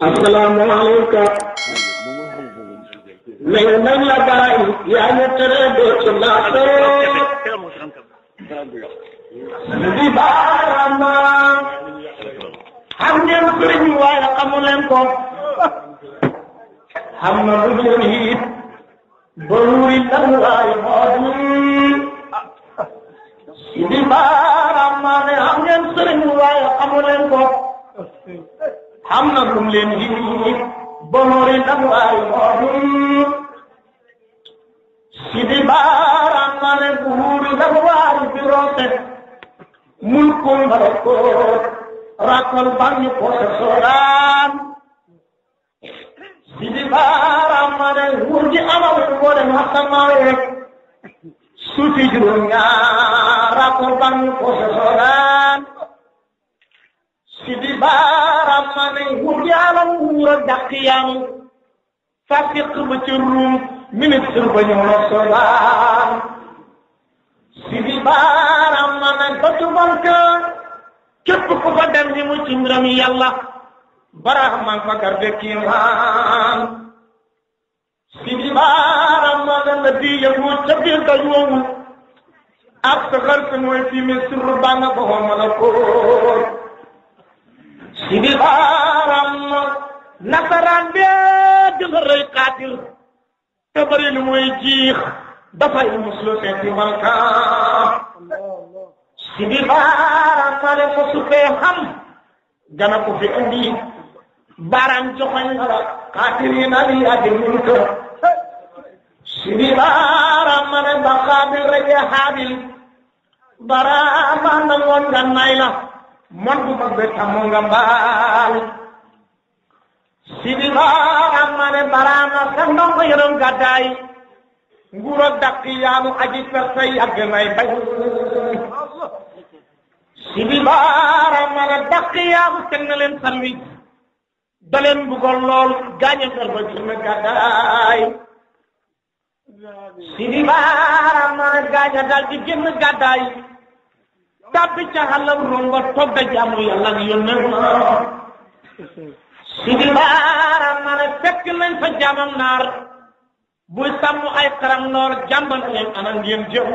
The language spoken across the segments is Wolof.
asalaamaaleykum. mais nan la baay yaa ñu tere doo ci laasoo. di baarama. xam ngeen sëriñ xam na lum leen di boori dafay moom si di baaraam na ne buuri dafay bi roote mulkum barakoo rakol bangi pose soodaan si di baaraam na ne wurgi alaw wode masamaawe suti juróom ñaar rakol bangi pose soodaan sidi baaraam maa nay nguur yàlla nguur a dàq yam fasiq ba ca ruum ministre ba ñëw na solaan sidi baaraam maa nay batu banque képp ku fa dem ni ci mbiram yàlla baraam fa garde kiimaan sidi baaraam maa na la di yëngu ca biir daj woowu ak sa xar si mooy fi ministre ba nga ba woon ma si bi xaaram nasaraan bee dina rëy xaatir te bëri lu dafay muslu seeti walkaam si bi xaaram fale ko su fee xam gana ko fi li adi mun ko si ma ne ba xaabil rek xaabil baraama nangoon gannaay la mon bu mag be tamu nga mbaal sidi looram ma ne baraama sa ndongo yërëm gàddaay nguur ak dàq yaanu aji perse yàgg nay bañ sidi looram ma ne dàq yaanu kenn leen sandwich daleen buggoon lool gaañe fer ba jur na gàddaay sidi looram ma ne gaaña dal di génn gàddaay tàbbi ca xalam romba togga jaamu yàlla ak yónneen sidi baara ma ne fekk nañ fa jaamam naar buy sàmm ay xaram noor jàmban leen ana ngeen jëw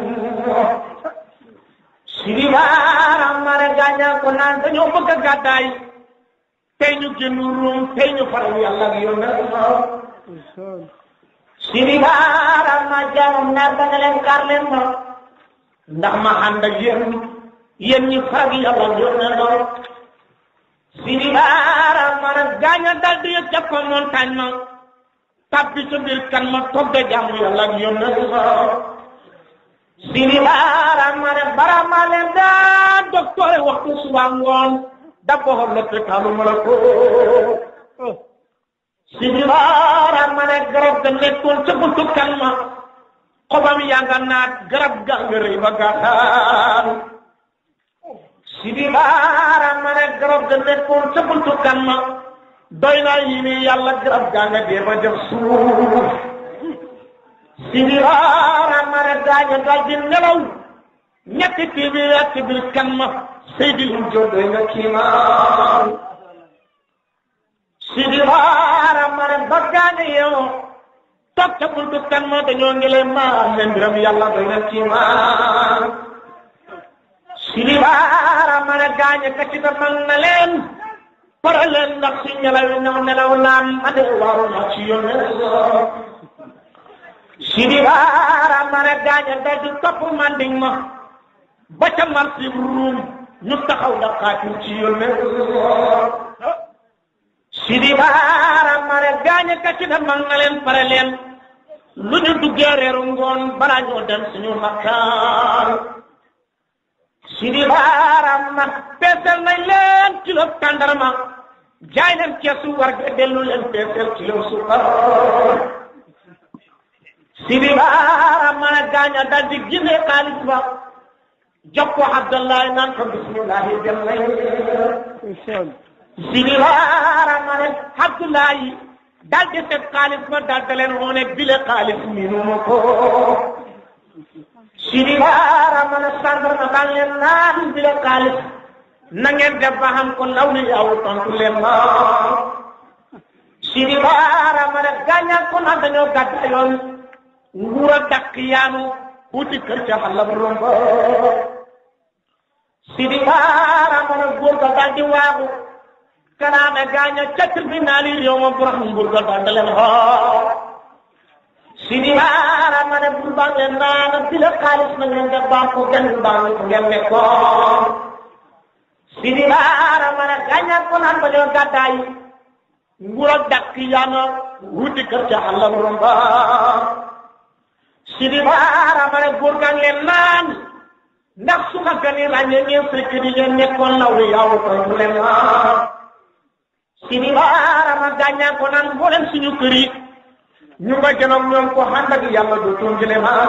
sidi baara ma ne gaañaa ko naan dañoo bëgg a gàddaay tey ñu génn ruum tey ñu faral yàlla ak yónneen sidi baara ma jaamam naar danga leen kaar leen ma ndax ma ànd ak yéen yéen ñi faag yàlla ñor na lool. siriyaara mara gaaña dal yëg ca ko montagne ma. tabbi sa biir kan ma toog de jaamu yàlla ñor na lool. siriyaara mara barama leen daa docteur waxtu suba ngoon d'abord l'hôpital ma la ko. siriyaara mara garab ga nekkoon ca buntu kan ma. xobam yaa naat garab ga nga gaataan. si biir ma ne garab ga nekkoon ca buntu kan ma doy naa yi ne yàlla gaa nga dee ba def suuf si ma ne gaaña daal di nelaw ñetti téeméer ci biir kan ma Seydi Louga doy na kiimaan si biir baaraam ma ne ba gaaña yow ca buntu kan ma dañoo ngi lay maa leen mbiram doy na kiimaan Sidi Baara man a gaañ kati ba man na leen faral leen ndax si ñelaw ñoo nelaw naan ma de waru na ci yónne Sidi Baara man a gaañ day du manding ma ba ca marsi ruum ñu taxaw da xaaju ci yónne Baara man a gaañ kati ba man na leen faral lu ñu duggee reeru ngoon balaa ñoo dem suñu makkaan sidi baaraam man peesal nañ leen kilo tàndarma jaay leen kilo sukar sidi baaraam man a gaaña daal di génne xaalis ba jox ko Abdallah naan bismillahi dem nañ sidi baaraam man Abdallah daal di seet xaalis ba daal leen wane bile xaalis miinu ma ko Sidi Baara ma ne Sarr ma baal naan di leen xaalis na ngeen ko ndaw ni yow tontu leen ma Sidi Baara ma ne ko naan dañoo gàdda yoon nguur a yaanu wuti kër ca xàll ba romb Sidi Baara ma ne góor ga daal di waaxu kanaa ne gaañal ca tribunal yi réew ma nguur ga daal di leen Sidi Baara ma ne bu baax ngeen naan bi na ngeen def baax ko kenn du baax ngeen nekkoon Sidi ma ne gàññaat ko ba ñëw gàddaay nguur ak dàkk yaa na wuti kër ca àll ma ne góor gaa ngeen naan su ma gën a ràññee ngeen fekk di ngeen nekkoon law li yow koy mu ma gàññaat ko naan mboolem suñu kër ñu nga janoog ñoom ko xànd ak yàlla du tungile maa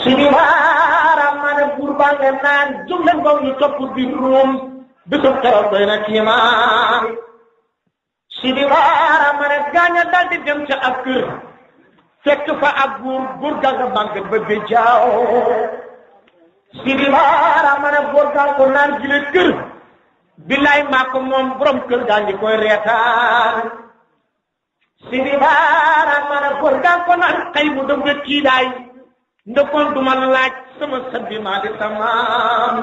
suñu waaraam maa ne buur baa nga naan jóg leen ba ñu topp di ruum bisu xeroog doy na kiimaan suñu waaraam maa ne gaaña daal di dem ca ab kër fekk fa ab buur buur gaa nga màgg ba bi jaaw suñu waaraam maa ne buur gaa ko naan gile kër bilaay maa ko moom borom kër gaa ngi koy reetaan sibi baaraam maanaam góor gaa ko naan xëy mu dem ba kiidaay ndëkkoon du laaj sama sëbbi maa di tamaam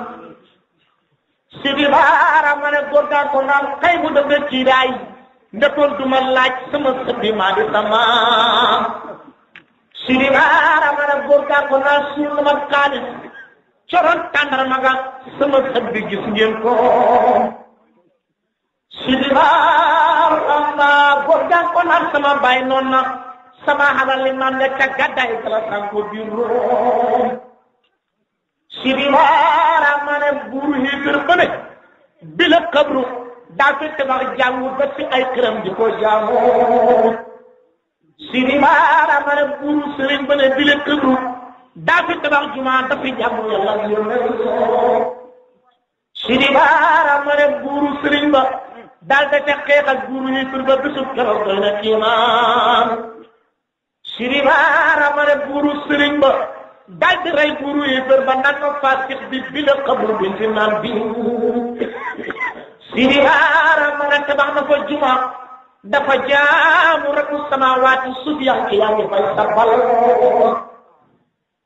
sibi baaraam maanaam góor gaa mu dem ba kiidaay ndëkkoon du laaj sama sëbbi maa di tamaam sibi baaraam maanaam góor suur la ma xaalis coroon tàndarma ga sama sëbbi gis ngeen samba góor gaa ko naan sama baay noon na sama halal li maam ne ca sidi waara ma ne buuru hiitir ba bila kabru daa fi tabax jàngu ay këram di ko sidi waara ma ne buuru sëriñ ba bila kabru daa fi tabax jumaa dafi jàngu yàlla sidi waara ma ne buuru sëriñ ba dal de ca xeex ak yi pour ba bisu keroog doy na kiimaan Sëriñ Baara ma ne buuru sëriñ rey buuru yi pour ba naan ko fasix bi bi la xabru bi fi naan bi juma dafa jaamu rakku samawaati suuf yaa ngi yaa ngi fay sabal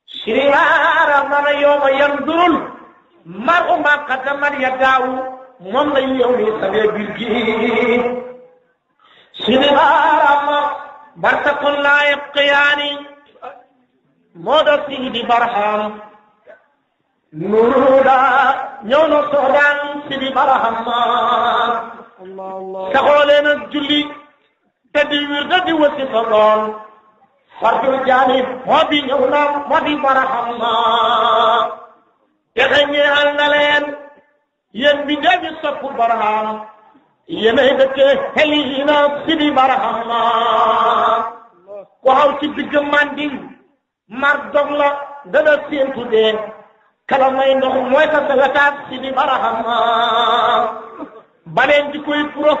Sëriñ Baara ma ne yow mar u ma qaddamat moom la yow mi sabee biir gi sinemaarama bartakun laa yabqiyaani moo do siidi barham nuruda ñëw na soodaan siidi barham ma saxoo leen ak julli te di wir da di wasifa lool fardu jaani moo bi ñëw na moo di barham ma te ñeexal na leen yéen bi ndee bi soppu barahama yéenay dëkkee xeli yi na sibi barahama ku xaw ci digg mandi mar dog la dana séentu dee kala may ndox mooy ka sagataat sibi barahama baleen di koy puro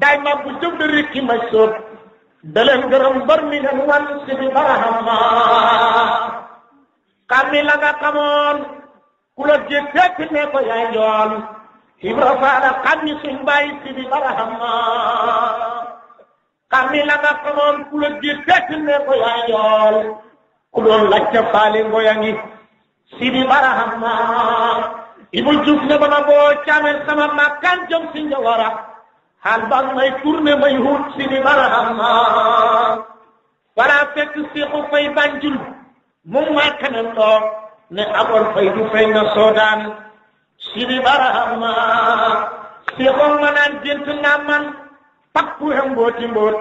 daay ma bu jëb da rikki may sóot daleen gërëm bar mi nen wan sibi barahama xam ni la nga ku la jëkk ko yaay njool Ibra Faal xam ni suñ bàyyi si bi barahama xam ni la nga xamoon ko yaay njool lacca faale ngoya ngi si bi barahama Ibul Juuf ne boo caamel sama makkaan jëm si njawara xaal ba may tourné may hut si bi barahama wala fekk banjul mu ma ne abol faydu fayna sodan sibi barahama sihon manan dintu namman pakku hen mboti mbot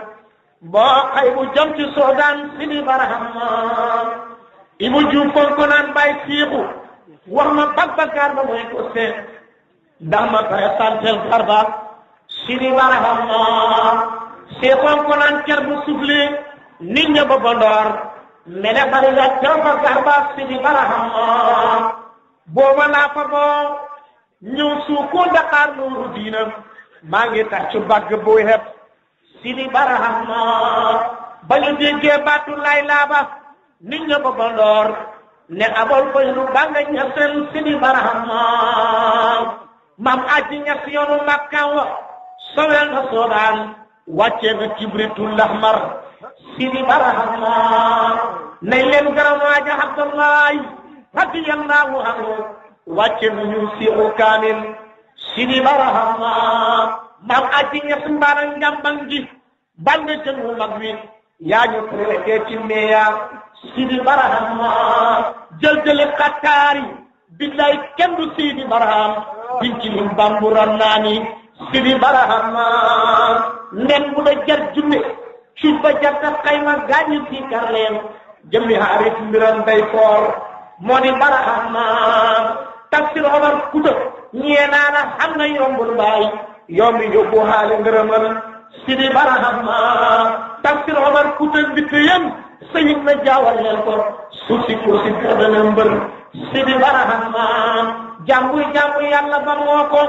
bo kaybu jamti sodan sibi barahama ibu jum konkonan bay siiku warma babbakar ba moy ko sen dama kaya santel garba sibi barahama sihon konan kerbu sufle ninja ba bandor mene barilaccoomo garba sidi bara hammo booma laafa boo ñëw suuku Dakar nuuru diinam maa ngi tàccu bagg buy xeb sidi bara hammo ba ñu déggee baatu lay laaba nit ña ba bandoor ne abol koy lu banga ñasen sidi bara hammo mam aji ñas yoonu makkan wa sowel na soodaan wàccee na kibritul lahmar sidi barahama nañ leen gërëm waaja Abdullahi radiyallahu anhu wàcce nuñu siiru kaamil sidi barahama maam aji ñes mbaara ngambang gi bande mag wi yaa ñu traité ci meeya sidi barahama jëljëli xakkaari billaay kenn du sidi baraham biñ ci lim bamburan naa ni sidi barahama nen suuf ba jàpp xayma gaañu si kar leen jëmmi xaarit mbiran bay foor moo di baraxamaam tafsir Omar Kuta ñee naana xam na yombul baay yombi yóbbu xaali ngërëmal si di baraxamaam tafsir Omar Kuta mbitt yem sëyin jaawal leen ko suuf si kursi dana mbër si di baraxamaam jàngu jàngu yàlla ba moo ko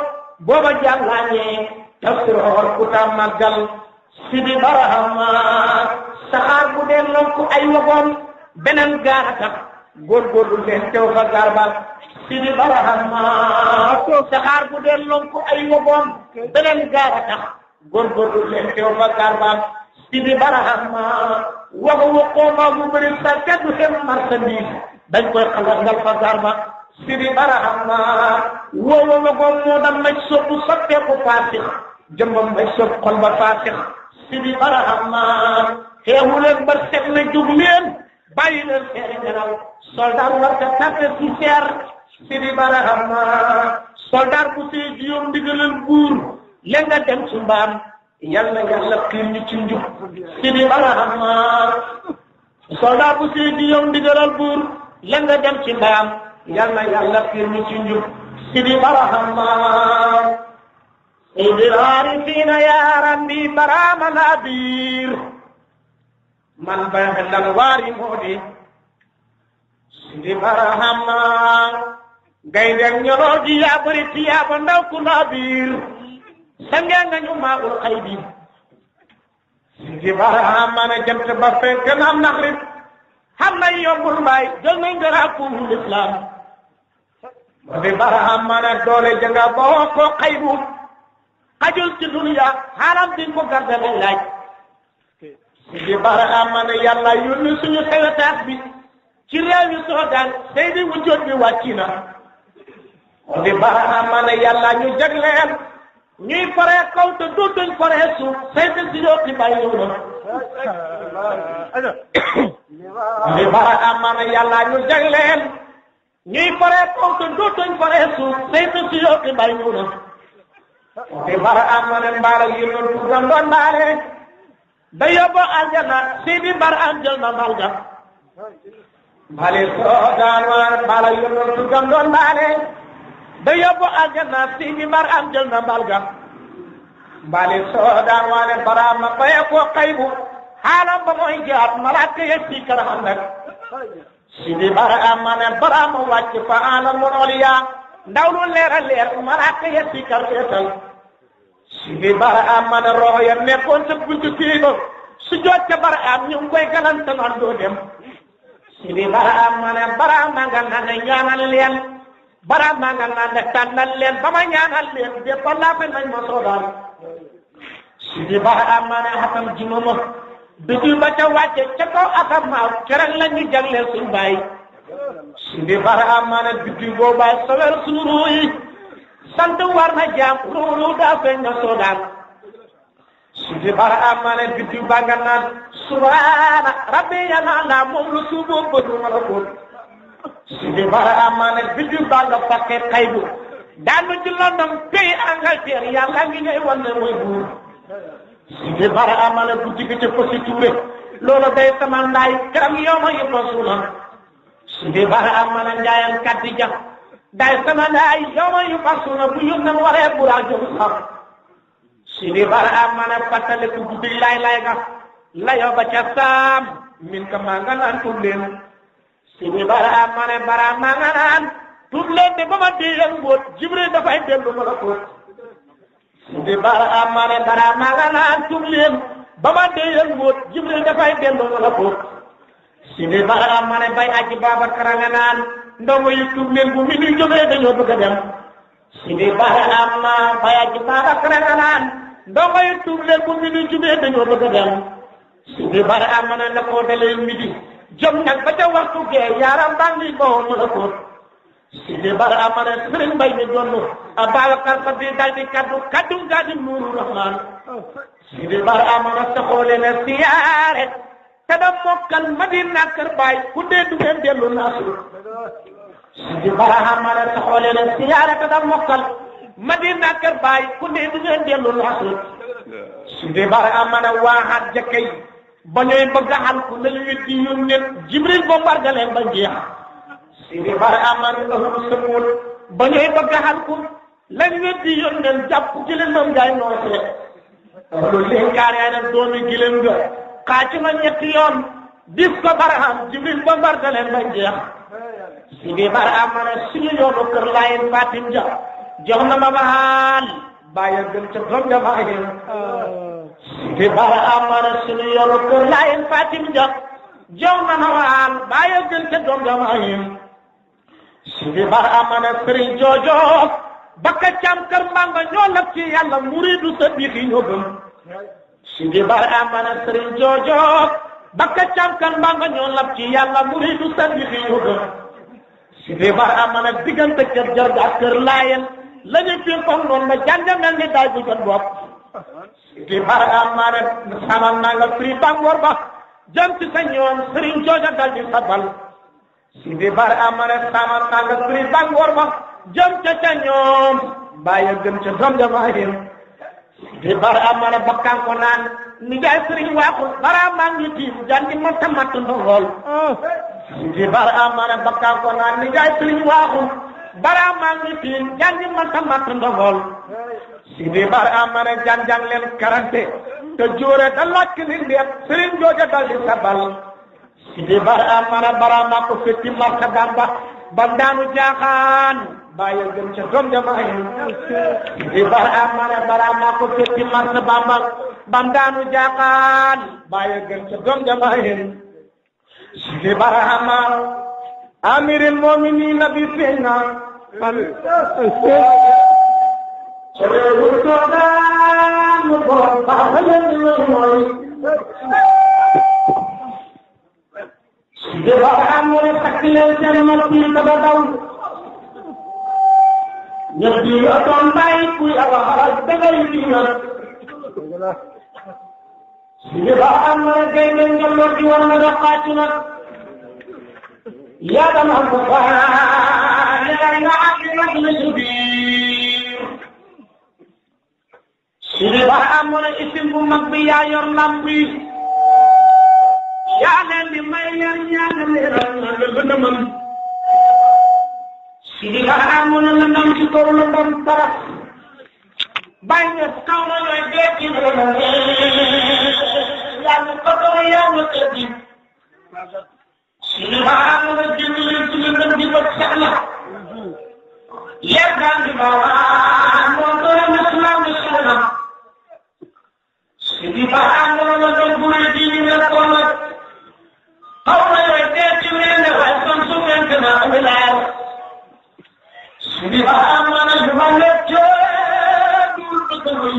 booba jànglaañee tafsir Omar Kuta màggal sidi barahama saxaar bu dee lonku ay wagoon beneen gaara tax góorgóorlu leen teew fa gaar ba sidi barahama saxaar bu dee lonku ay wagoon beneen gaara tax góorgóorlu leen teew fa gaar sidi barahama waga waqooma wagoon moo dam maj soppu soppeeku faasix jëmbam maj sopp xol ba faasix sidi barahamma xeexu leen ba set na jug leen bàyyi leen seeni nelaw soldat war ta tappe si seer sidi barahamma soldat bu sey jiyoom ndigalal buur le nga dem su mbaam yàlla yàlla xiir ñu ci njub sidi barahamma soldat bu sey jiyoom ndigalal buur le nga dem ci mbaam yàlla yàlla xiir ñu ci njub sidi Udil arifina ya rabbi marama nadir Man bahendan wari modi Sidi marahama Gaydeng nyologi ya beri tiap ku nadir Sangga nganyu ma'ul qaydi Sidi marahama na jemte bafe genam nakrib Hamna iyo burmai jengeng geraku mulislam Sidi marahama na dole jengga boko qaydi xajul ci duniya xaaram di ko garde lañ laaj Sidi Bara Amane yàlla yónni suñu secrétaire bi ci réew yu Sudan Seydi Wujjoot bi wàcc na Sidi Bara Amane yàlla ñu jagleel ñuy paree kaw te dootuñ paree suuf Seydi Wujjoot bi bàyyi ñëw na Sidi Bara Amane yàlla ñu jagleel ñuy paree kaw te dootuñ paree suuf Seydi Wujjoot bi bàyyi ñëw na di fara am ma ne mbaala yi lu tuddam doon mbaale da yóbbu aljana si di mbar am jël na mbal ga mbaale soo daan waar mbaala yi lu tuddam doon mbaale da yóbbu aljana si di mbar am jël na mbal ga mbaale soo daan waale baraam ma baye ko xaybu xaalam ba mooy jaat malaaka ya si karam nag si di mbar am ma ne baraam wàcc fa alam mu oliya ndaw lu leer a leer malaaka ya si kar eetal Sini bara man roxo ya nekkoon sa buntu kilifa su jot ca baraam ñu ngi koy galante naan doo dem si li baraam ma ne baraam ma nga naan ñaanal leen baraam ma nga naan tànnal leen ba ma ñaanal leen déppa laafe nañ ma ba ca wàcce ca la ñu sant war na ruru da fe no so soodaan su di bara amane biddiw gitu baa nga naan subaana rabbi yàlla naa moom lu bo bëgg ma ko su di bara amale biddiw gitu baa nga khaybu dan daanu ci London pays Angleterre la ngi ngay wan ne mooy su di bara bu ci ci fo ci tuure lolo day sama ndaay karam yooma yëppa ko su di bara amane njaayan kaddi ja day sama daay yooma yu farsuna bu yón nan waree buraa jom xam si ni bara a mën a fàttaliku guddi lay lay nga layo ba min ka maa naan tub leen si ni bara a mën a naan tub leen de ba ma déyal mbóot dafay dellu ma la koot si ni bara a mën naan tub leen ba ma déyal mbóot jibril dafay dellu ma la koot si ni bay aji baaba kara ndongo yi tuub leen bu mi nuy jógee dañoo bëgg a dem si bi bara am na faya ci faara kraganaan ndongo yi tuub leen bu mi nuy jógee dañoo bëgg a dem si bi bara am na la koo dalee midi jom nag ba ca waxtu gee yaaram baa ngi boo si bi bara am na sëriñ mbay mi jonn Ababakar fa bi dal di kaddu kaddu gaa di nuuru rahmaan si bi bara am na saxoo leen siyaare ta da mokkal Madina kër baay ku dee dugeen dellu naasur Sidi a la taxoo leen siyaare te da mokkal Madina kër baay ku dee dugeen dellu naasur Sidi a la waaxaat jëkkëy ba ñooy bëgg a xal ku ne lu wet di yónnee Jibril ba mbarga leen ba njeex Sidi Barahama la lahum sëmuul ba ñooy bëgg a xal ku lañ wet di yónnee jàpp gileen moom gaay noosee loolu leen kaaree na doomi gileen nga xaaci ma ñetti yoon bis ko baraam jibril bombarde ba jeex si bi baraam ma ne suñu yoonu kër laayin fatim ja jox na ma maal bàyyi gën ca doom ja maayin si bi baraam ma ne suñu yoonu kër laayin fatim ja jox na ma maal bàyyi gën ca doom ja maayin si bi baraam ma ne sëriñ joojo bakka cam kër mbanga ñoo lab ci yàlla muridu sa biixi ñoo gëm sidi barhamana sëriñ joojook bakka camkan mbanga ñoo lab ci yàlla muridu sandi fi yuga sidi barhamana diggante kër jarga ak kër laayen lañu pinkon noonu ba jànga mel ni daaj bu jot sidi barhamana samal naa la prix bangor ba jëm ci sa sëriñ jooja dal sabal sidi barhamana samal naa la prix bangor ba jëm ca ñoom bàyyi gën ca doom ja di barama la bakkan ko naan ni jaay sëriñ waaku barama ngi tiim jandi ma tamat ndongol oh. di barama la bakkan ko naan ni jaay sëriñ waaku barama ngi tiim jandi ma tamat ndongol di barama la janjang leen karante te joore da lakk ni ndeet sëriñ sabal di barama la barama ko fetti marta bamba bandaanu jaaxaan bàyyi gën ca donte bàyyi di baraama ne baraama ko fekki mars bamba bam daanu jaaxaan bàyyi gën ca donte bàyyi di baraama amiril mominin nabi feeñ na cerewu toogaan mu boor baaxa leen lu mooy di baraama ne takk leen seen mas ba daw ñëpp di nga toog mbay kuy awaxal dangay di nga. li ba am na gay ngeen jëloon di war na def xàcc na. yaa dama am ko xanaa li nga nga am di nag la ci biir. li ba am na isim bu mag bi yaa yor lamb yi. yaa leen di may yaa ñaata leeral na la gën a mën. Sini kahang muna lang ng sito ulo ng tara. Bayan ka na yung gabi ng mga lalo pa ko yung mga tadi. Sini kahang muna ng sito ulo ng tara. Bayan ka na yung gabi waxaama na lu ma lekkee duur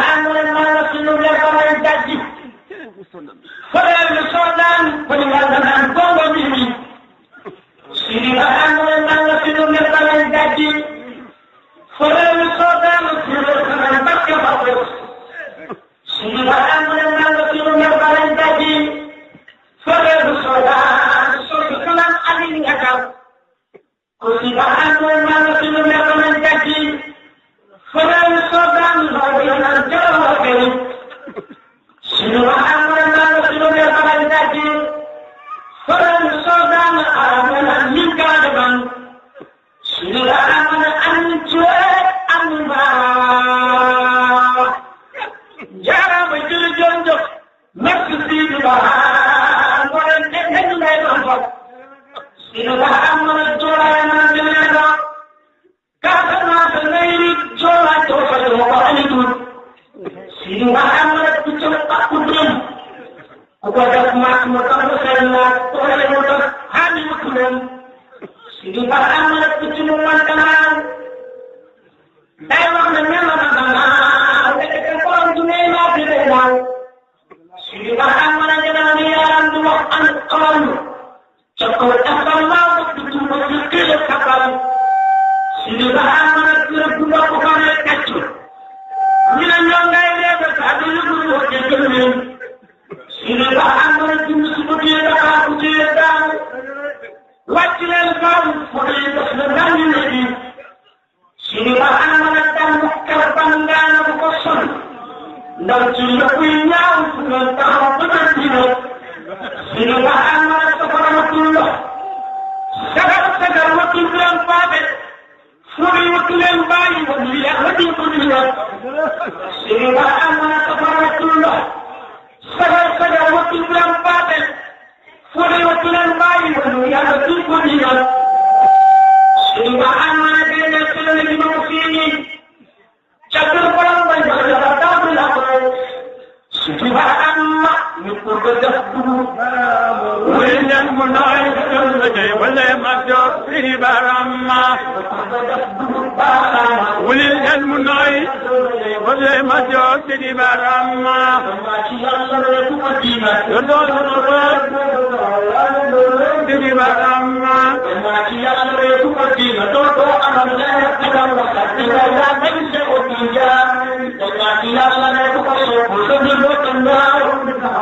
فآمن ما رسول الله فمن تجد صلى الله الباري وبالأخوة القدرية سيما أنا تفرقت الله سهل سهل وكل باطل فري وكل الباري وبالأخوة القدرية سيما أنا بين السنة الموفيين شكر فرق قربته وين منايك المجي ولا مجر في برما وين المنايك ولا مجر في برما يدور الرد في برما يدور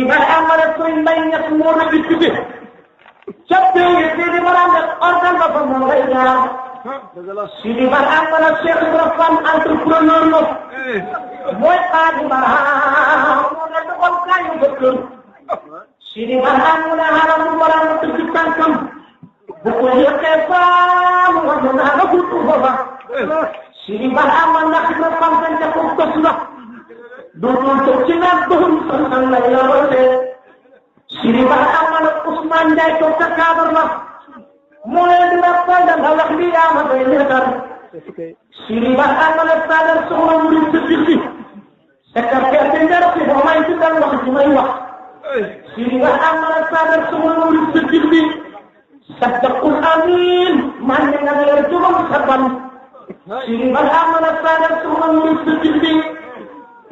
Iman amanet kuymayın yakın orada bitti ki. Çöptüğü yettiğini bırakın oradan kafam oraya. Şimdi ben amanet Şeyh İbrahim antroprenörlük. Moy kadima. Moy kadima. Şimdi ben amanet haramı bırakın tırtıktan kam. Bu kuyu kefam. Moy kadima. Şimdi ben amanet Şeyh İbrahim antroprenörlük. doonul toog ci naaj doon fan-fan lay yorante Sidi Ba Amal ak Ousmane la moo leen di rappal da yaa ma koy leetal Sidi Ba Amal ak Sadar soxna mu sa fixi secrétaire bi nga rafet boo may ci dal wax ci may wax Sidi Ba Amal ak Sadar soxna mu rim sa fixi amin man ne nga yor jubam sa ban Sidi Ba Amal ak Sadar soxna sa fixi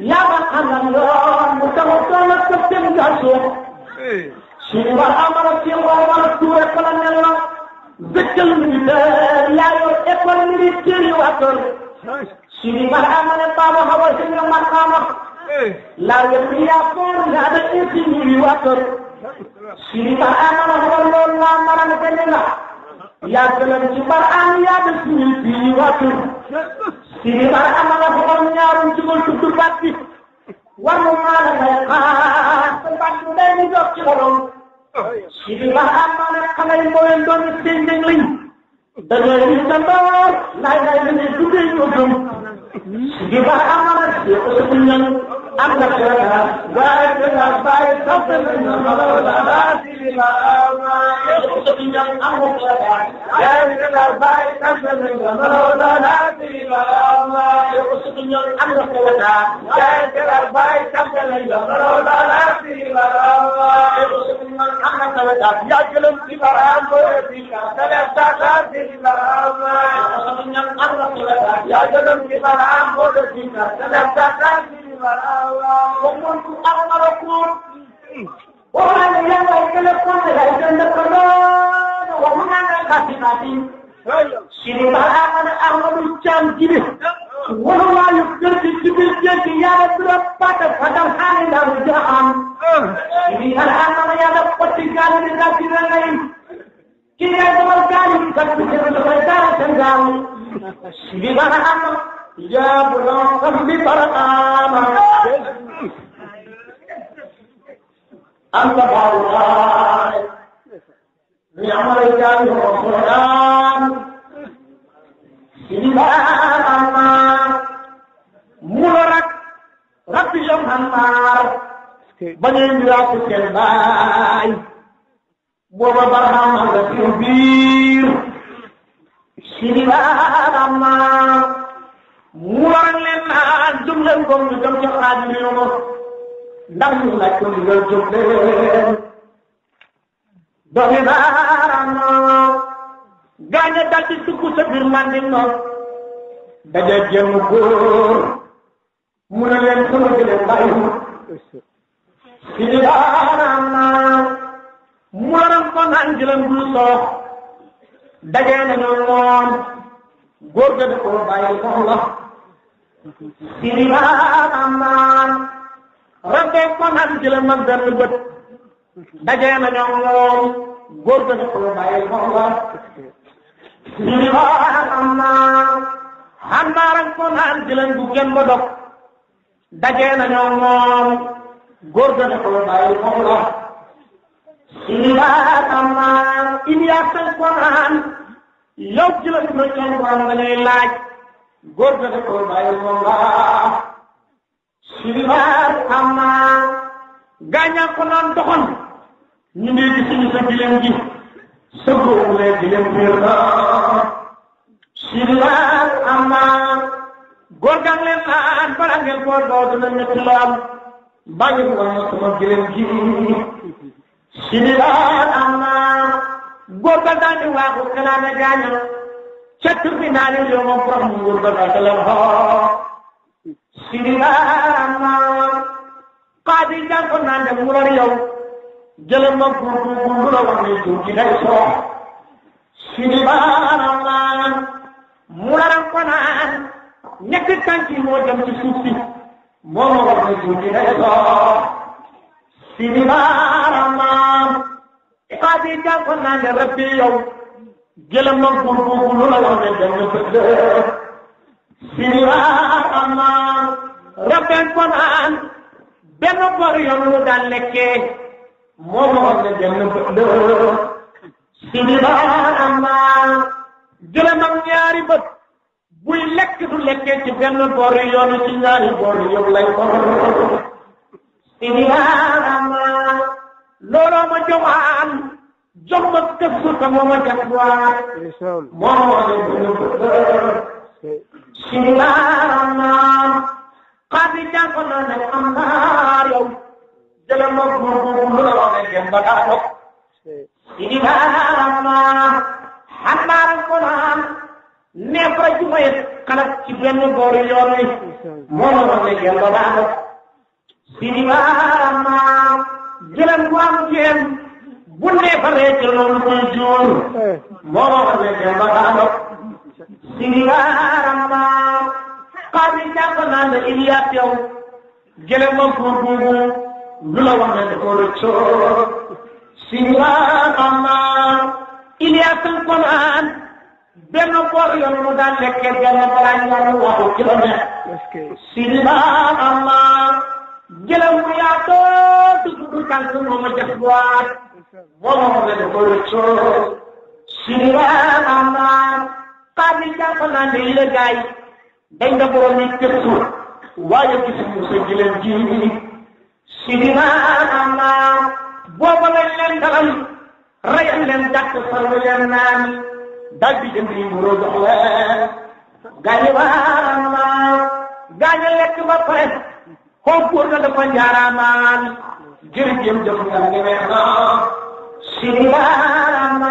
يا بطل اليوم متوصل تسلم جاشية شنو الأمر في وعمر سورة كلام الله ذكر المدار يا يوم إقوال مدير وطر شنو الأمر طابع هو سنة مقامة لا يبني أقول هذا الإنسان وطر شنو الأمر هو الله أمر مثل الله يا سلام شبر أن يا بسم الله وطر سيدي أنا بقول نار تقول تبكي وما لنا تبكي دني دكتور سيدي أنا كمان بقول دوني سيندلي دني دكتور لا لا دني دكتور سيدي أنا بقول I'm not sure how I can buy something in the mother of the city. I'm not sure how I can buy something in the mother of the city. I'm not sure how I can buy something in the mother of the city. I'm not sure how I can buy something in the mother of the city. I'm not sure how I can buy something in the mother of the city. وكنت أعملكم وأنا يوم يكلكم لأجل القرآن ومن أنا كاتباتي سينما أنا أعمل الجامدين وهو يقدر يجبر جيد يا ربك فدم حالي لو جهام إني الآن يا ربك قال لي ذاتي لنين كي يجب أن تكون كتبت في الغيطان تنزاوي سينما أعمل yaa bulon xam bi barakaama anta mawlaay ni amal jaabi wa quraan sini baama mula rak rabbi yom hannaar bañee mbiraa ku seen baay booba barhaama nga ci biir sini baama mu waral leen naan jóg leen ko ñu dem ca xaaj bi noonu ndax ñu laaj ko ñu leen jóg leen doomi baaraam noonu mu ne leen sama gële bàyyi si di baaraam noonu mu waral ko naan jëlan bul soox daje nañu ga da ko bàyyi soxla silimaam amaan rabbee ko naan jële mag benn bët dajee na ñoom moom góor ga ne ko bàyyi moom la silimaam amaan ko naan jëleen bu gën ba dajee na ñoom moom góor ga ne ko bàyyi moom la silimaam amaan in ko naan yow jëleen bu gën ba dog nga ñuy góor ga de ko bàyyi moom laa silmaar am naa gaañaa ko naan doxoon ñu sa gileem gi sa góor lee gileem biir la silmaar am naa góor leen naan balaa ngeen góor doo dina métti laal baa ngi ko wane sama gi silmaar am naa góor ga daal di waaxu చట్టుకున్నాను యోగం కాదీకాకున్నాంటే మూడడియవు జలంలో గుండు గుండులో ఉండి చూచిన శనివారమ్మ మూడరంపన నెక్కి కంచి మోటంచి చూసి మోమని చూచిన శనివారమ్మ కాదీకాకున్నాంటే రబ్బీయవు jële Mansour boobu lu la wax ne jënd fële siriwaat amaan rabeen konaan benn bor yoon daan lekkee moo ma wax ne jënd fële siriwaat amaan jële mag ñaari bët buy lekk du lekkee ci benn bor ci ñaari bor yoon lay ko siriwaat amaan looloo ma joxaan jox ma këstu te moom a jàpp waay. moom moo di dund kër. Sibara naam. xaabi jànku na ne am naa yow. jëlee ma buubu lu la wax ne jëm ba daa dox. Sibara naam. xam naa ko naan. nee fa ji may xalaat ci benn boori yoon wi. moom la wax ne jëm ba daa dox. Sibara naam. jëlee mu am jéem. bu ne fa rek loolu koy jóor moo wax ba ma xaar yi jàpp naa ne il y a teew ma pour boobu lu la wax ne ko lu coor singaaram ma il y ma jële mu ومن برسول سيرام أمان قد جاكنا نلقاي دين دبرني كسو waaye gis mu sa jëleen ji sirimaam amaan booba lañ leen dalal reyal leen dàq sarw naan dal di jënd yi mburu jox leen gaañu waamaan gaañu lekk ba pare xool góor na dafa njaaraamaan jërëjëf jëf nga ngi neex na Sëriñ Bamba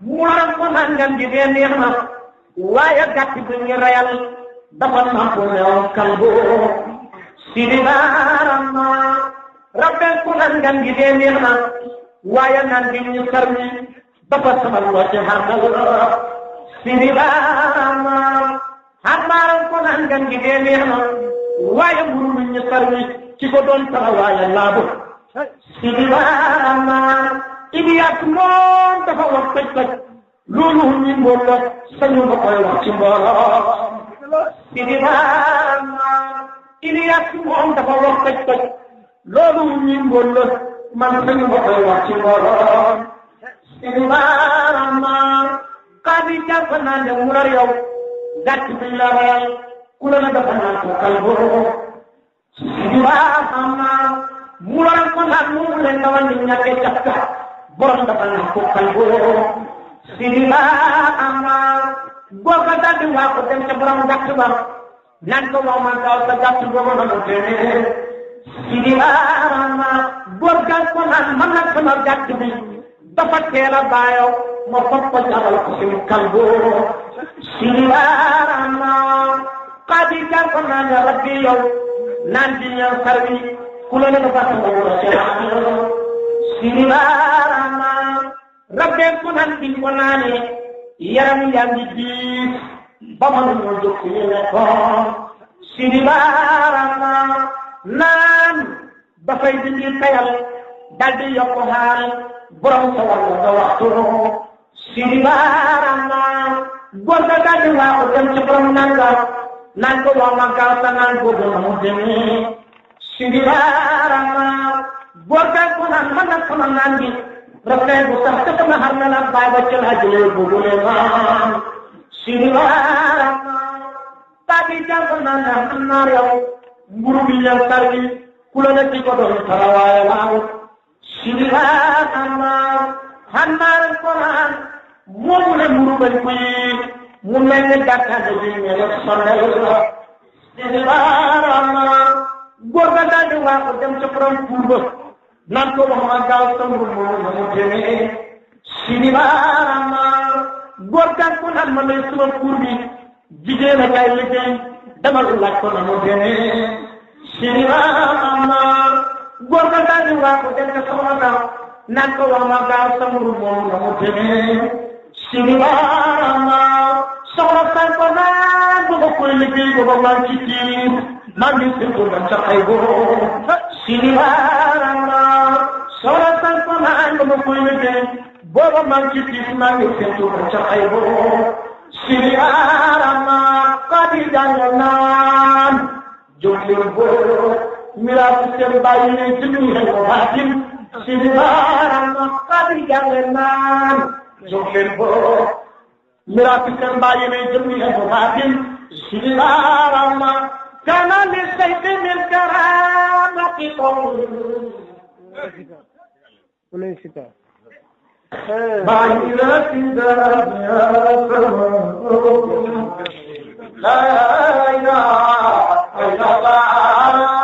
muram mu nangam ji dee neex na waaye gàtt bu ñu reyal dafa nàmp newoon kalbu Sëriñ Bamba rabben sarmi dafa samal loo ci xarmal Sëriñ Bamba xarmaaram ku nangam ji sarmi ci ko doon taxawaaye laabu si diwaamaan ibiyaat moom dafa wax pëj pëj loolu ñu sañu nga koy ci mbooloo si diwaamaan ibiyaat moom dafa wax pëj pëj loolu ñu man sañu nga koy ci mbooloo si diwaamaan kaabi jàpp naa ne mu nar yow gàtt bi ku la na dafa naa ko mulan manhat mulan kawan niya kay kaska boron da pala ko kalbo sinima ama boka ta tem ca dak ba nan ko wa man ka ta dak ko mo no tene sinima ama boka ko nan dak bi dafa tela bayo mo poppa jabal kulolelo batango wuro sewakilolo siribarama rabbe kunandi konane yarami yandi diis bamanuno jokkuyele ko siribarama naan dafay dindi tayal daldi yokko haal borom sa walla sa waxtu siribarama gorga daldi waako dem ci borom nanga nan ko wamankaa sa naan gogo namu demee borbe kunan hana kunan nangi rabbe gutah ta kuma harna na bai bachal hajle bugule ma sirwara tabi ja kunan na hanna ya guru bilan tarbi kulana ti ko don tarawaya ma sirwara ma hanna kunan mumune muru ban ku mumene dakka de ni ne sirwara ma góor ga daal di waa ko dem ca borom kuur ba naan ko wax ma gaaw sambur moomu na mu demee sinibaarama góor ga ko naan ma lay suma kuur bi jigéen a kay liggéey demal laaj ko na mu demee sinibaarama góor ga daal di waa ko dem ca soxna gaaw naan ko wax ma gaaw sambur moomu na mu demee sinibaarama soxna saan ko naan ba ba koy liggéey ba ba maa ci tiir booba man ci tiis maa ngi séntu ba ca xay boo siriyaarama kadi jàng naan jógleen boo miraasu seen bàyyi ne jëmmi xel ko baatin siriyaarama kadi jàng naan jógleen boo miraasu seen bàyyi ne jëmmi xel ko baatin siriyaarama كان للسيف من كرامة قوم وليس كذا يا سماء لا إله إلا الله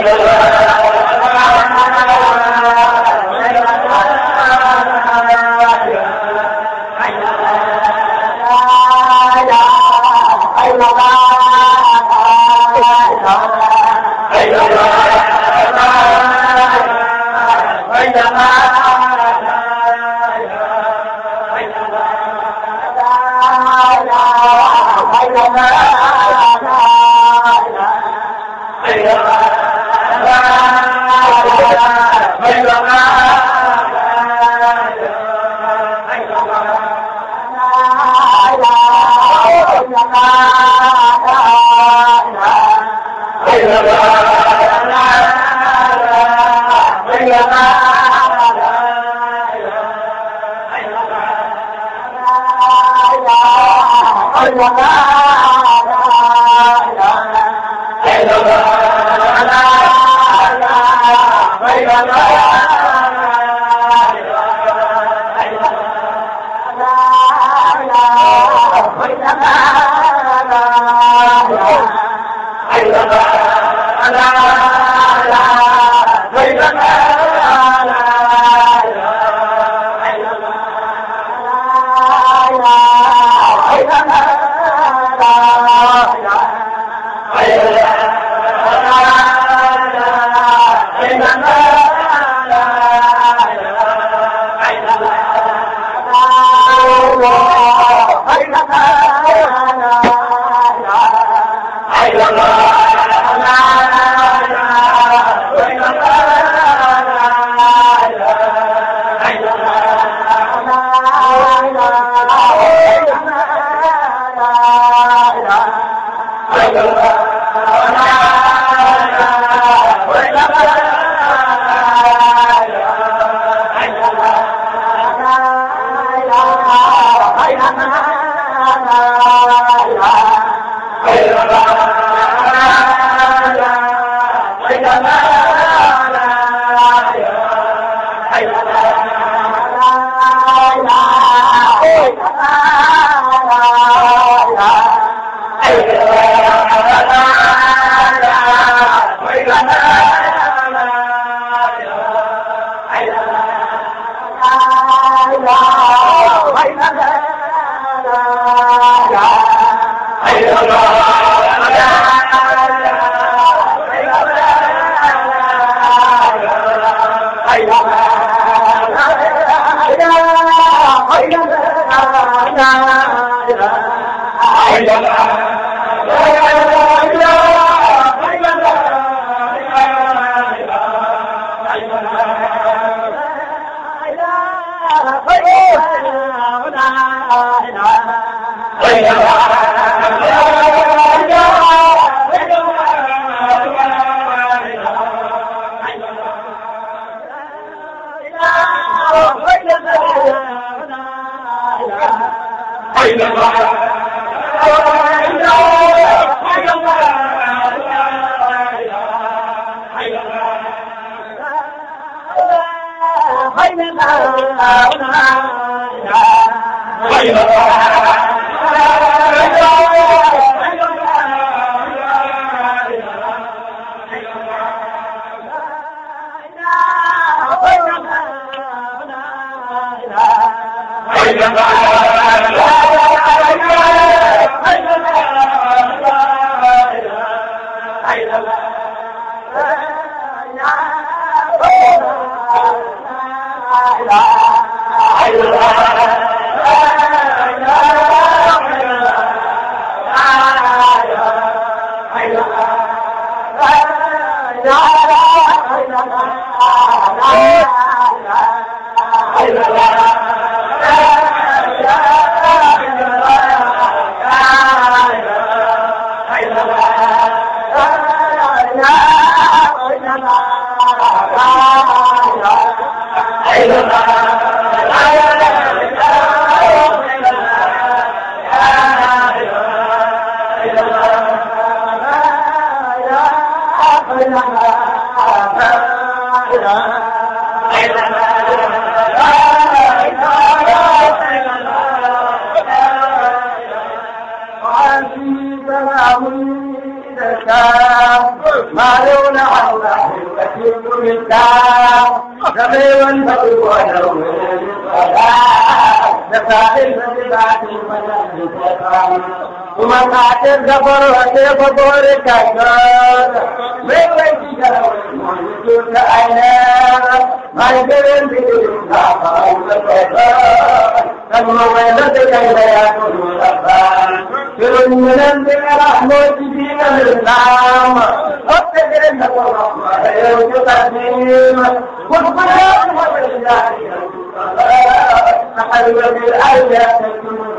Amém. guardar قاتل غفر وسيف ظهر كشور من وجهك موجود عيناك غير بدون ثم ويلتك إذا يكون ربان شر من الذي رحمة دين الإسلام أبتدر أنك الرحمة يوجد تقديم قل قل يا أمة الإله نحن بالأيام تكون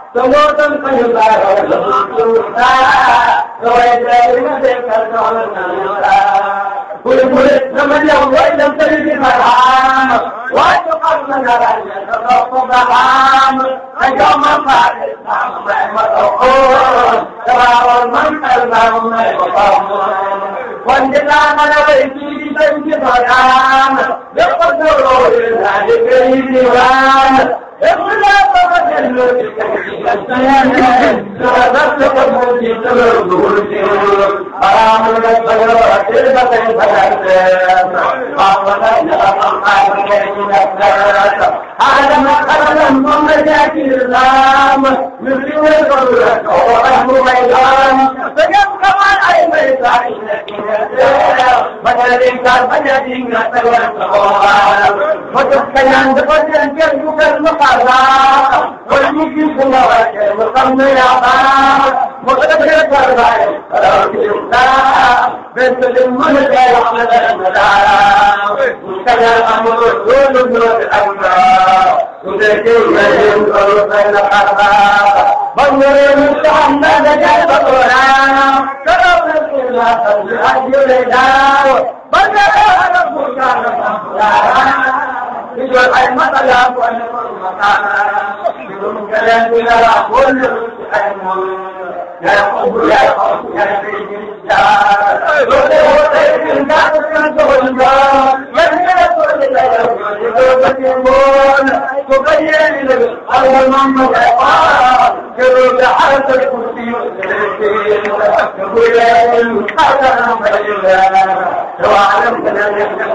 Sembotan penyebab luka, Gawai dari nasib kerjaan luka. tetap mana baiki kita اخلاق وتجلد السيانات تغذب الموت تغرب الشرور حرام المسجر وتلبة البنات قامنا لأمام حالك من الناس أعلم قبل من مجاك الغام مثل الغرورة ورحم ميدان فيبقى مع الأيمة بدل الإنسان بدل الإنسان وتبقى عند بدل يرجوك المقام सभु बंगले करण मा कला Yes, yes, yes, yes, yes, yes, yes, yes, yes, yes, yes, yes, تكون تبين أول من مضحقان جرد حتى الكرسي ولا الحرام إلا وعلمت أن يحدث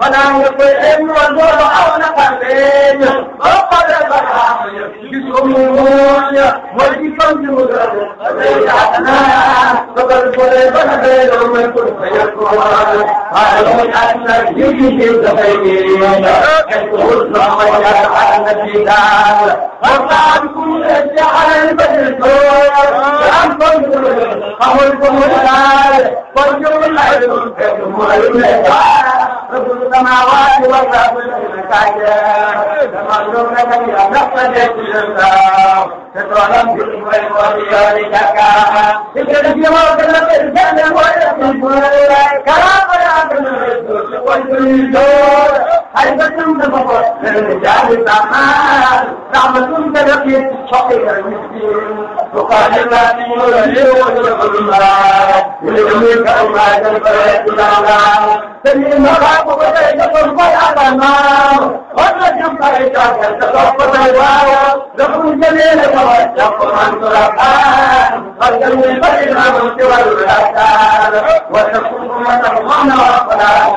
ولا يطعم وزرعون قلبين وقد بحر بسمون وجفن مدرس وزيعتنا فقد ضربنا بينهم الكرسي يكون على أن يجي تغيير السماوات والأرض المساجد والجندور هيبة تبطت للرجال الأعمال نعمة تلقيت فقير المسكين وقال ما في اليوم الظلمات ولأمك أمهات البيت الأعلام سليم الرب وبيت الظلمات الأمام غدت يمكن أن تتوقف الواو زخم الجميل وزخم عن سرطان قدم البدر الموت والرسال وزخم وزخمان والصلاة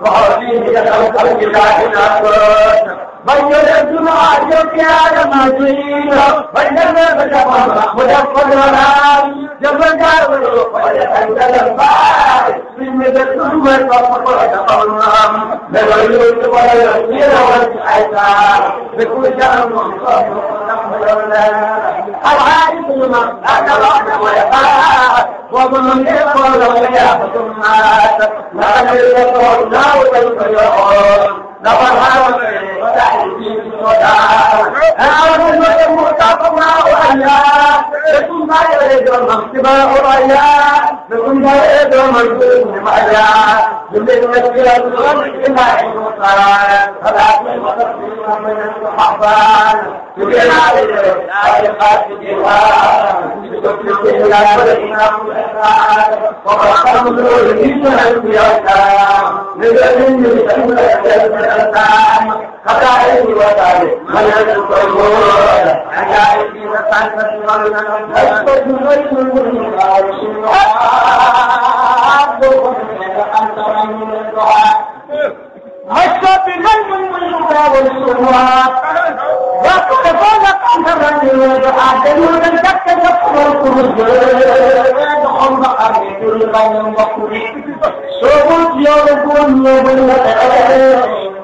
وعظيم يدعو الجزاء الأسود بشرت عاشق يا مدين وانما بشر محمود الصدران جبل داود ولحمد الانبار من مدرسون والفقر تقرم بغيوت والغير والحسار بكل شهر محصن العارف لما أتبعنا ويقال ومن يقول ويأخذ الناس ما لم يقول لا ويقول نظرها وتعرفين صداها أعلم المعتصمة وأيا لكم ما يريد المصطباء وأيا لكم ما يريد المنظوم وأيا جملة مشكلة إلا علم الصلاة فلا تنقصوا من الصحبان جملة الحقيقة وقد قاموا بالإنسان في أيام لذلك يسمى خبائث الوسائل من يتق الله عجائب في مسعد فسيرا من أثبت غير المؤمن مشى عن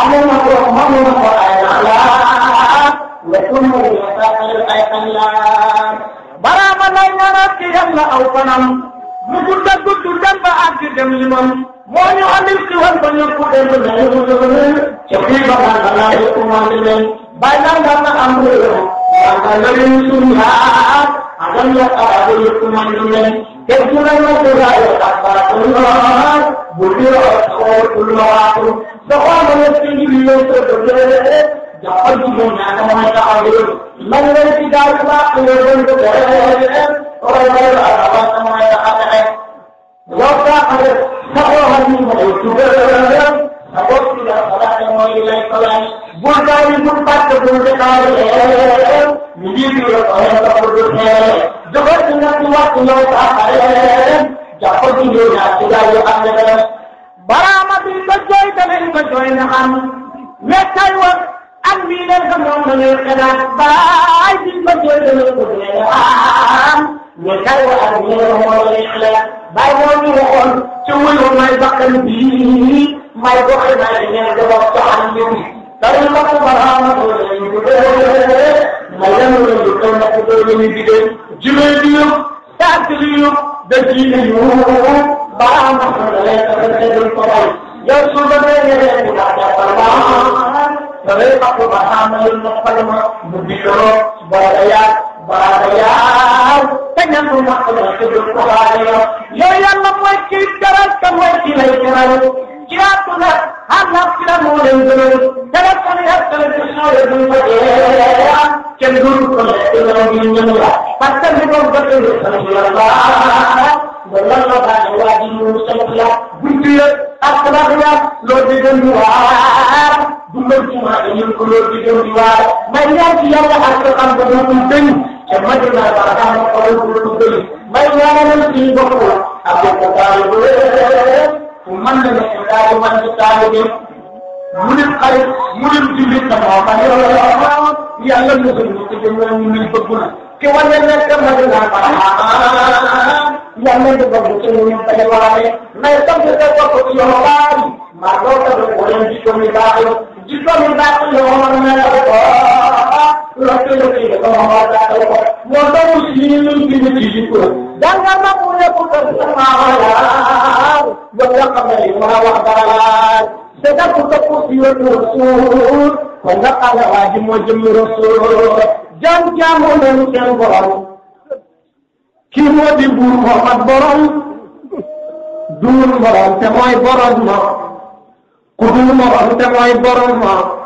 اللهم اغفر اللهم اغفر الاعلام وثم لمسائل الايقلام برام لay ñaanal ci yàlla aw fanam mu gudd ak gudd dem ba àgg li moom moo ñu andil wan ba ñu ko jëfandikoo ci fii ba ba naa yëpp maa ngi leen bàyyi naa nga ma am réew maa nga leen suñu yaa ak ak yëpp Itulah surah al-Fatihah, beliau al-Qur'an. Soal mesti beliau sebenarnya jangan digunakan macam awal. Mana tidak kita keluarkan kepada orang orang sama yang ada. Waktu ada seorang yang berjuang أقول إذا صلاة إلى الصلاة بلدان مفتح بالذكر مدير يطهر بالذكر جبرت نفسي وقت لو تأخر جعفر جلو ناسي لا يقدر برامة بالبجوي تبعي البجوي نعم متى وقت أمين الغمرون من القناة باي بالبجوي تبعي البجوي نعم متى وأمين الغمرون من القناة باي وأمين الغمرون سوي وما يبقى البيه may gox na ngeen gëbal soxal ñu ni dara ma ko ma am ko ñu ko ma yanu la ñu ko na ko do ñu bi de jumé bi yu saat li yu de ci yu ba am ko la ko te dul ko bay yow su ba ne ne ne ba ta ba ma dara ma ko ma am lu no ko ma bu bi yo ba da ya ba da ya te ñam ma ko te dul ko bay yow yàlla mooy ki dara ka mooy ki lay jaral கிராத்துலர் கிராமோடு மையான umanda da kula da wanda ta ne munin kai munin jibin da ba ba ne ya Allah ne zai mutu da wani mun bakuna ke wannan ne kan magana ba ya Allah da ba mutu ne mun bai wa ne mai san da ko ko yo ba ma ko ta da wani jiko ne ba ko jiko ne ba ko yo ne ba ko Rasulullah SAW. Motor muslimin diberi Jangan mempunyai ketersamaan. Jangan kembali menawarkan. Sedang untuk kusir Rasul. Hendak ada wajib wajib Rasul. Jangan kamu menunjukkan bohong. Kimo diburu Muhammad borom. Dur borom. Temai borom. Kudu borom. Temai borom. Borom.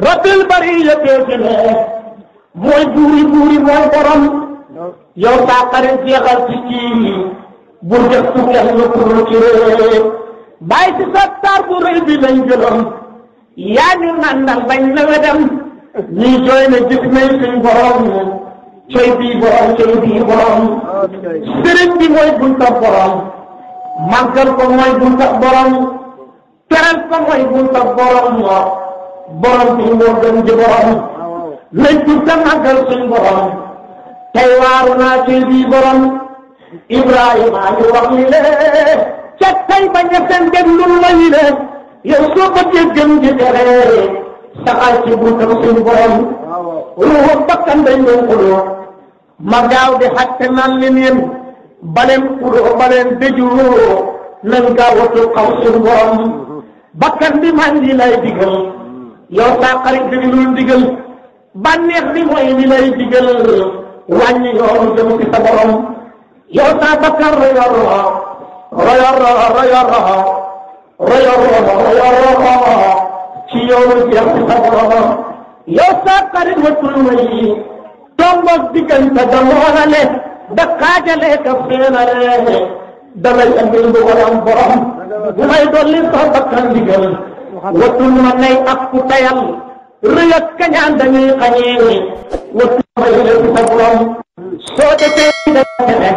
rabbil bariyati fi mooy buuri buuri mooy borom yow saa xare jeexal ci kii bu njëkk su kenn ku ci réer bàyyi ci sa taar bu rëy bi lañ jëloon yaa ñu nandal bañ la wedam ñii jooy na gis nañ suñ borom coy bii borom coy bii borom sëriñ bi mooy bunta borom màggal ko mooy bunta borom teral ko mooy bunta borom borom bi moo gën di borom nañ ci sa màggal suñ tey waaru naa ci bii borom Ibrahima ñu wax li lee ca tey ba ña seen déglul ma yi lee yow soo ko gëm ji teree saxal ci buntam suñ borom ruuxu bakkan dañ doon xuloo ma gaaw di xatte naan leen yéen baleen xuloo baleen déjuloo nan gaaw a tuqaw suñ borom bakkan bi man yow sa xarit bi lu digal bànneex bi mooy li lay digal wàññi yoonu jëm ci sa borom yow sa bakkar royor royor royor royor royor ci yoonu jëm ci sa borom yow sa xarit watul may tombog diggante da moolale da xaajale ka feenale damay andil mbugalam borom bu may dolli sa bakkan digal wattu ma nay ak ku tayal rëy ak kañaan dañuy xañee wattu ma yële ku ko borom soo defee da nga